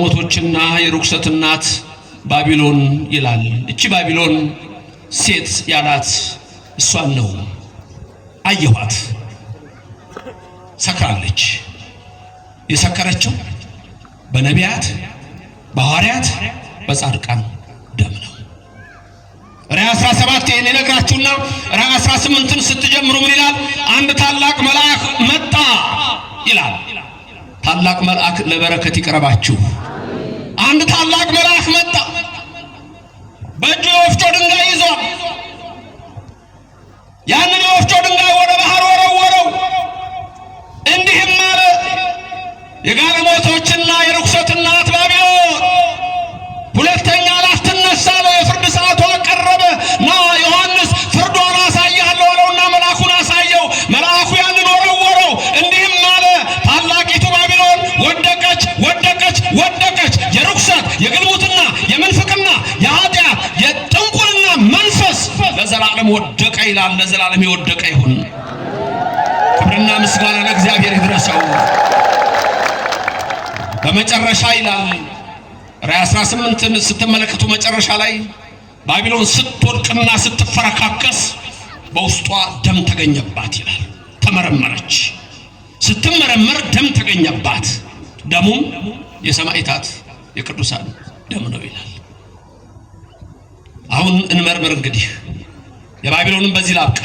ሞቶችና የርኩሰት እናት ባቢሎን ይላል። እቺ ባቢሎን ሴት ያላት እሷን ነው። አየኋት፣ ሰክራለች። የሰከረችው በነቢያት በሐዋርያት በጻድቃን ደም ነው። ራዕይ 17 ይህን ይነግራችሁና ራዕይ 18ን ስትጀምሩ ምን ይላል? አንድ ታላቅ መልአክ መጣ ይላል። ታላቅ መልአክ ለበረከት ይቀርባችሁ። አንድ ታላቅ መልአክ መጣ። በእጁ የወፍጮ ድንጋይ ይዟል። ያንን የወፍጮ ድንጋይ ወደ ባህር ወረወረው። እንዲህም አለ የጋለሞታ ለዘላለም ወደቀ ይላል። ለዘላለም የወደቀ ይሁን። ክብርና ምስጋና ለእግዚአብሔር ይድረሰው። በመጨረሻ ይላል ራዕይ 18ን ስትመለከቱ መጨረሻ ላይ ባቢሎን ስትወድቅና ስትፈረካከስ በውስጧ ደም ተገኘባት ይላል። ተመረመረች። ስትመረመር ደም ተገኘባት። ደሙም የሰማዕታት የቅዱሳን ደም ነው ይላል። አሁን እንመርምር እንግዲህ የባቢሎንም በዚህ ላብቅ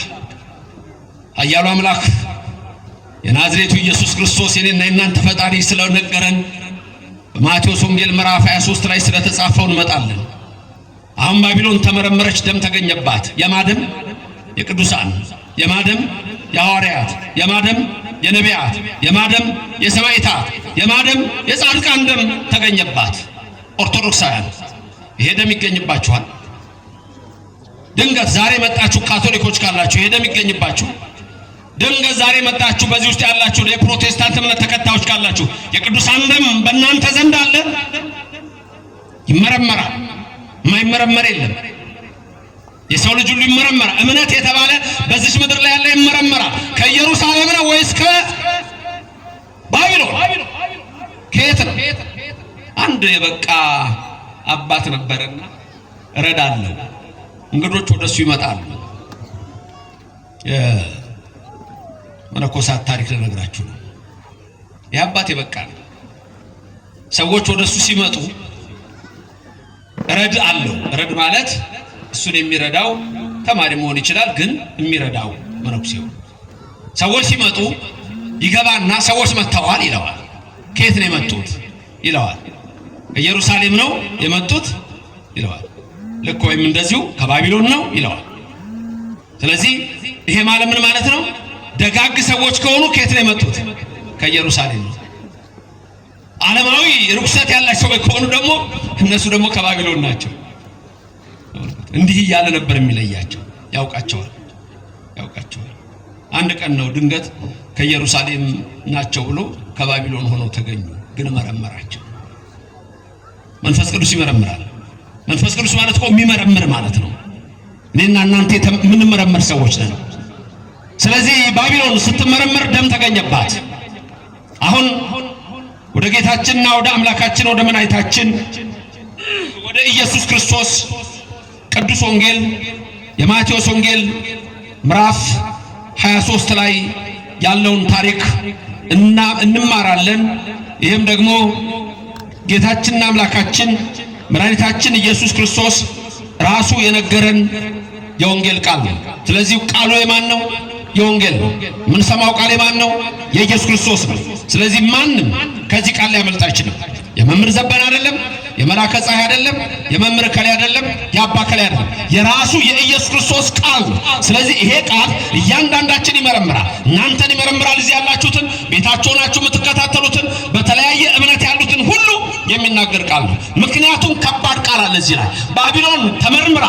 ኃያሉ አምላክ የናዝሬቱ ኢየሱስ ክርስቶስ የኔና የእናንተ ፈጣሪ ስለነገረን በማቴዎስ ወንጌል ምዕራፍ 23 ላይ ስለተጻፈው እንመጣለን። አሁን ባቢሎን ተመረመረች፣ ደም ተገኘባት። የማደም የቅዱሳን የማደም የሐዋርያት የማደም የነቢያት የማደም የሰማይታት የማደም የጻድቃን ደም ተገኘባት። ኦርቶዶክሳውያን ይሄ ደም ይገኝባችኋል። ድንገት ዛሬ መጣችሁ ካቶሊኮች ካላችሁ ይሄ ደም ይገኝባችሁ። ድንገት ዛሬ መጣችሁ በዚህ ውስጥ ያላችሁ የፕሮቴስታንት እምነት ተከታዮች ካላችሁ የቅዱሳን ደም በእናንተ ዘንድ አለ። ይመረመራል። የማይመረመር የለም። የሰው ልጅ ሁሉ ይመረመራል። እምነት የተባለ በዚች ምድር ላይ ያለ ይመረመራል። ከኢየሩሳሌም ነው ወይስ ከባቢሎን? ከየት ነው? አንድ የበቃ አባት ነበርና እረዳለሁ እንግዶች ወደሱ ይመጣሉ። የመነኮሳት ታሪክ ልነግራችሁ ነው። የአባት የበቃ ነው። ሰዎች ወደሱ ሲመጡ ረድ አለው። ረድ ማለት እሱን የሚረዳው ተማሪ መሆን ይችላል፣ ግን የሚረዳው መነኩሴ ሰዎች ሲመጡ ይገባና ሰዎች መጥተዋል ይለዋል። ከየት ነው የመጡት ይለዋል። ኢየሩሳሌም ነው የመጡት ይለዋል። ልኮ ወይም እንደዚሁ ከባቢሎን ነው ይለዋል። ስለዚህ ይሄ ማለት ምን ማለት ነው? ደጋግ ሰዎች ከሆኑ ከየት ነው የመጡት? ከኢየሩሳሌም ነው። ዓለማዊ ርኩሰት ያላቸው ከሆኑ ደግሞ እነሱ ደግሞ ከባቢሎን ናቸው። እንዲህ እያለ ነበር የሚለያቸው። ያውቃቸዋል ያውቃቸዋል። አንድ ቀን ነው ድንገት ከኢየሩሳሌም ናቸው ብሎ ከባቢሎን ሆነው ተገኙ። ግን መረመራቸው። መንፈስ ቅዱስ ይመረምራል። መንፈስ ቅዱስ ማለት እኮ የሚመረምር ማለት ነው። እኔና እናንተ የምንመረምር ሰዎች ነን። ስለዚህ ባቢሎን ስትመረምር ደም ተገኘባት። አሁን ወደ ጌታችንና ወደ አምላካችን ወደ መናይታችን ወደ ኢየሱስ ክርስቶስ ቅዱስ ወንጌል የማቴዎስ ወንጌል ምዕራፍ 23 ላይ ያለውን ታሪክ እና እንማራለን። ይህም ደግሞ ጌታችንና አምላካችን መድኃኒታችን ኢየሱስ ክርስቶስ ራሱ የነገረን የወንጌል ቃል ነው። ስለዚህ ቃሉ የማን ነው? የወንጌል ነው። የምንሰማው ቃል የማን ነው? የኢየሱስ ክርስቶስ ነው። ስለዚህ ማንም ከዚህ ቃል ሊያመልጥ አይችልም። የመምህር ዘበን አይደለም፣ የመላከ ፀሐይ አይደለም፣ የመምህር ከላይ አይደለም፣ የአባ ከላይ አይደለም። የራሱ የኢየሱስ ክርስቶስ ቃል ነው። ስለዚህ ይሄ ቃል እያንዳንዳችን ይመረምራል፣ እናንተን ይመረምራል። እዚህ ያላችሁትን ቤታችሁ ናችሁ የምትከታተሉትን በተለያየ እምነት ያሉትን ሁሉ የሚናገር ቃል ነው። እዚህ ላይ ባቢሎን ተመርምራ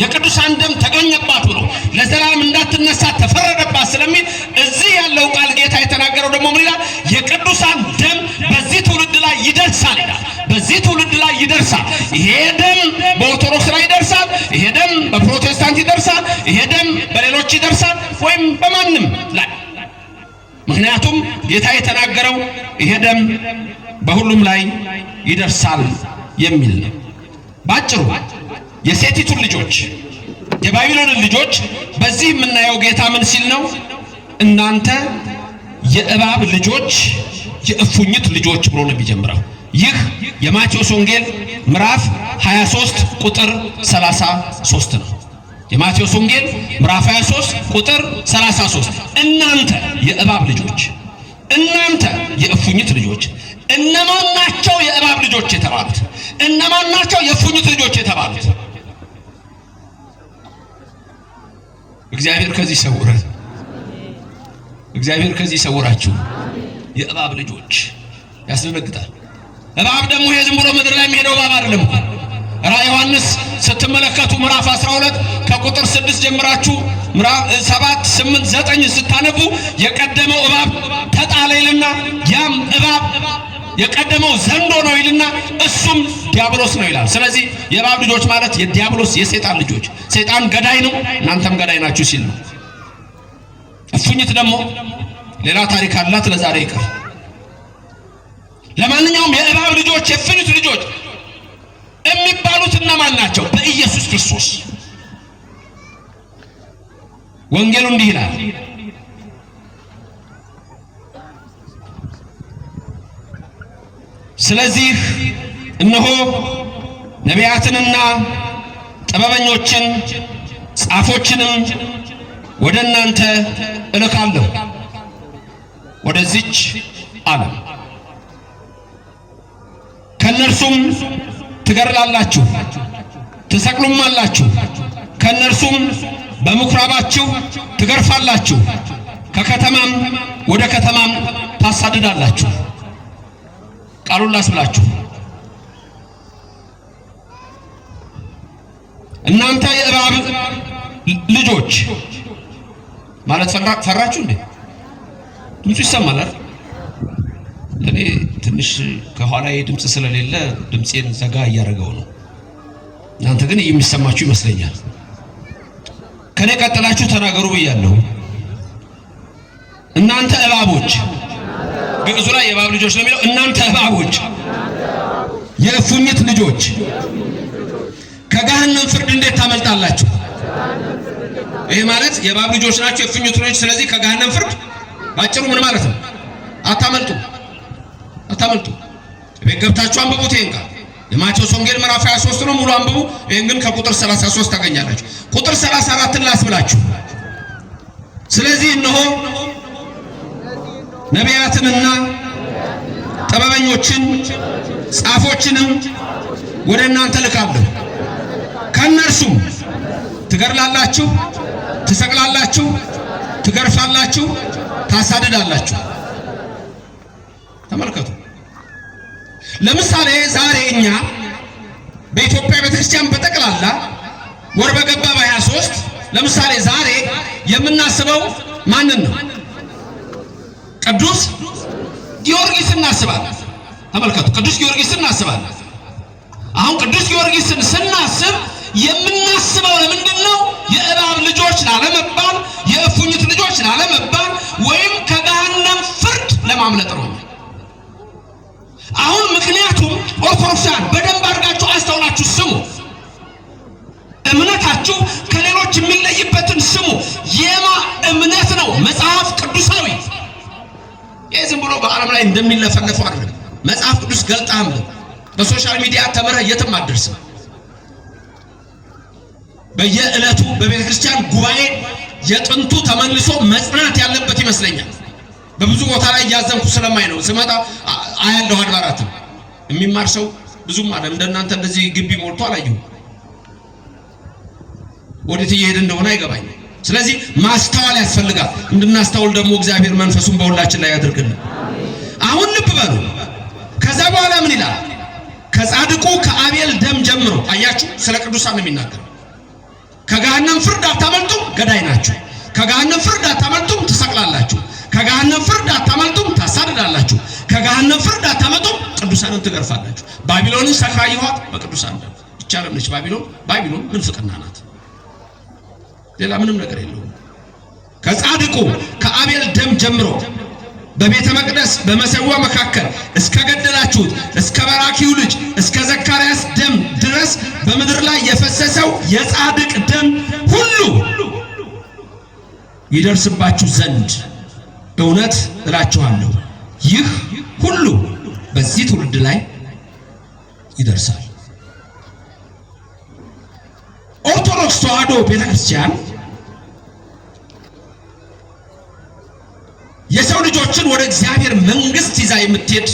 የቅዱሳን ደም ተገኘባት ብሎ ለዘላለም እንዳትነሳ ተፈረደባት ስለሚል እዚህ ያለው ቃል ጌታ የተናገረው ደግሞ ምን ይላል? የቅዱሳን ደም በዚህ ትውልድ ላይ ይደርሳል ይላል። በዚህ ትውልድ ላይ ይደርሳል። ይሄ ደም በኦርቶዶክስ ላይ ይደርሳል። ይሄ ደም በፕሮቴስታንት ይደርሳል። ይሄ ደም በሌሎች ይደርሳል፣ ወይም በማንም ላይ ምክንያቱም ጌታ የተናገረው ይሄ ደም በሁሉም ላይ ይደርሳል የሚል ነው። ባጭሩ የሴቲቱን ልጆች የባቢሎንን ልጆች በዚህ የምናየው ጌታ ምን ሲል ነው? እናንተ የእባብ ልጆች የእፉኝት ልጆች ብሎ ነው የሚጀምረው። ይህ የማቴዎስ ወንጌል ምዕራፍ 23 ቁጥር 33 ነው። የማቴዎስ ወንጌል ምዕራፍ 23 ቁጥር 33 እናንተ የእባብ ልጆች እናንተ የእፉኝት ልጆች። እነማን ናቸው የእባብ ልጆች የተባሉት? እነማን ናቸው የእፉኝት ልጆች የተባሉት? እግዚአብሔር ከዚህ ይሰውረን። እግዚአብሔር ከዚህ ሰውራችሁ። የእባብ ልጆች ያስደነግጣል። እባብ ደግሞ ይሄ ዝም ብሎ ምድር ላይ የሚሄደው እባብ አይደለም። ራ ዮሐንስ ስትመለከቱ ምዕራፍ 12 ከቁጥር 6 ጀምራችሁ ምዕራፍ 7፣ 8፣ 9 ስታነቡ የቀደመው እባብ ተጣለ ይልና ያም እባብ የቀደመው ዘንዶ ነው ይልና እሱም ዲያብሎስ ነው ይላል። ስለዚህ የእባብ ልጆች ማለት የዲያብሎስ የሰይጣን ልጆች፣ ሰይጣን ገዳይ ነው፣ እናንተም ገዳይ ናችሁ ሲል ነው። እፉኝት ደግሞ ሌላ ታሪክ አላት፣ ለዛሬ ይቀር። ለማንኛውም የእባብ ልጆች የእፉኝት ልጆች የሚባሉት እነማን ናቸው? በኢየሱስ ክርስቶስ ወንጌሉ እንዲህ ይላል ስለዚህ እነሆ ነቢያትንና ጥበበኞችን ጻፎችንም ወደ እናንተ እልካለሁ ወደዚች ዓለም ከእነርሱም ትገድላላችሁ፣ ትሰቅሉማላችሁ። ከእነርሱም በምኩራባችሁ ትገርፋላችሁ፣ ከከተማም ወደ ከተማም ታሳድዳላችሁ። ቃሉን ላስብላችሁ። እናንተ የእባብ ልጆች ማለት ፈራችሁ እንዴ? ድምፁ ይሰማላል። እኔ ትንሽ ከኋላ ድምፅ ስለሌለ ድምፄን ዘጋ እያደረገው ነው። እናንተ ግን የሚሰማችሁ ይመስለኛል። ከኔ ቀጥላችሁ ተናገሩ ብያለሁ። እናንተ እባቦች ግዕዙ ላይ የእባብ ልጆች ነው የሚለው። እናንተ እባቦች፣ የእፉኝት ልጆች ከገሃነም ፍርድ እንዴት ታመልጣላችሁ? ይህ ማለት የእባብ ልጆች ናቸው፣ የእፉኝት ልጆች። ስለዚህ ከገሃነም ፍርድ ባጭሩ ምን ማለት ነው? አታመልጡ፣ አታመልጡ። ቤት ገብታችሁ አንብቡት ይሄን ቃል የማቴዎስ ወንጌል ምዕራፍ 23 ነው፣ ሙሉ አንብቡ። ይህን ግን ከቁጥር 33 ታገኛላችሁ። ቁጥር 34ን ላስብላችሁ። ስለዚህ እነሆ ነቢያትንና ጥበበኞችን ጻፎችንም ወደ እናንተ ልካለሁ። ከእነርሱም ትገድላላችሁ፣ ትሰቅላላችሁ፣ ትገርፋላችሁ፣ ታሳድዳላችሁ። ተመልከቱ። ለምሳሌ ዛሬ እኛ በኢትዮጵያ ቤተክርስቲያን በጠቅላላ ወር በገባ በ23 ለምሳሌ ዛሬ የምናስበው ማንን ነው? ቅዱስ ጊዮርጊስ እናስባለን። ተመልከቱ፣ ቅዱስ ጊዮርጊስ እናስባለን። አሁን ቅዱስ ጊዮርጊስን ስናስብ የምናስበው ለምንድን ነው? የእባብ ልጆች ላለመባል፣ የእፉኝት ልጆች ላለመባል ወይም ከገሃነም ፍርድ ለማምለጥ ነው። አሁን ምክንያቱም ኦርቶዶክሳን በደንብ አድርጋችሁ አስተውላችሁ ስሙ። እምነታችሁ ከሌሎች ላይ እንደሚለፈለፈው አይደለም። መጽሐፍ ቅዱስ ገልጣ በሶሻል ሚዲያ ተምረህ የትም አትደርስም። በየዕለቱ በቤተ ክርስቲያን ጉባኤ የጥንቱ ተመልሶ መጽናት ያለበት ይመስለኛል። በብዙ ቦታ ላይ እያዘንኩ ስለማይ ነው። ስመጣ አያለሁ አድባራትም የሚማር ሰው ብዙም አለ። እንደናንተ እንደዚህ ግቢ ሞልቶ አላየሁም። ወዴት እየሄድ እንደሆነ አይገባኝም። ስለዚህ ማስተዋል ያስፈልጋል። እንድናስተውል ደግሞ እግዚአብሔር መንፈሱን በሁላችን ላይ ያድርግልን። አሁን ልብ በሉ። ከዛ በኋላ ምን ይላል? ከጻድቁ ከአቤል ደም ጀምሮ አያችሁ፣ ስለ ቅዱሳን ነው የሚናገር። ከገሃነም ፍርድ አታመልጡም፣ ገዳይ ናችሁ። ከገሃነም ፍርድ አታመልጡም፣ ትሰቅላላችሁ። ከገሃነም ፍርድ አታመልጡም፣ ታሳድዳላችሁ። ከገሃነም ፍርድ አታመልጡም፣ ቅዱሳንን ትገርፋላችሁ። ባቢሎንን ሰካየኋት በቅዱሳን ደም ይቻለም ነች። ባቢሎን ባቢሎን ምንፍቅና ናት፣ ሌላ ምንም ነገር የለውም። ከጻድቁ ከአቤል ደም ጀምሮ በቤተ መቅደስ በመሰዋ መካከል እስከ ገደላችሁት እስከ በራኪው ልጅ እስከ ዘካርያስ ደም ድረስ በምድር ላይ የፈሰሰው የጻድቅ ደም ሁሉ ይደርስባችሁ ዘንድ እውነት እላችኋለሁ ይህ ሁሉ በዚህ ትውልድ ላይ ይደርሳል። ኦርቶዶክስ ተዋህዶ ቤተክርስቲያን የሰው ልጆችን ወደ እግዚአብሔር መንግስት ይዛ የምትሄድ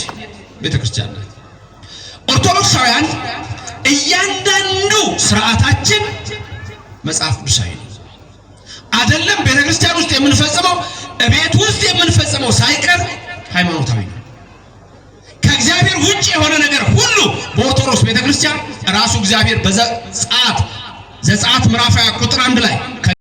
ቤተክርስቲያን ናት። ኦርቶዶክሳውያን እያንዳንዱ ስርዓታችን መጽሐፍ ቅዱሳዊ ነው። አይደለም ቤተክርስቲያን ውስጥ የምንፈጽመው ቤት ውስጥ የምንፈጽመው ሳይቀር ሃይማኖታዊ ነው። ከእግዚአብሔር ውጭ የሆነ ነገር ሁሉ በኦርቶዶክስ ቤተክርስቲያን ራሱ እግዚአብሔር በዘጸአት ዘጸአት ምዕራፍ ቁጥር አንድ ላይ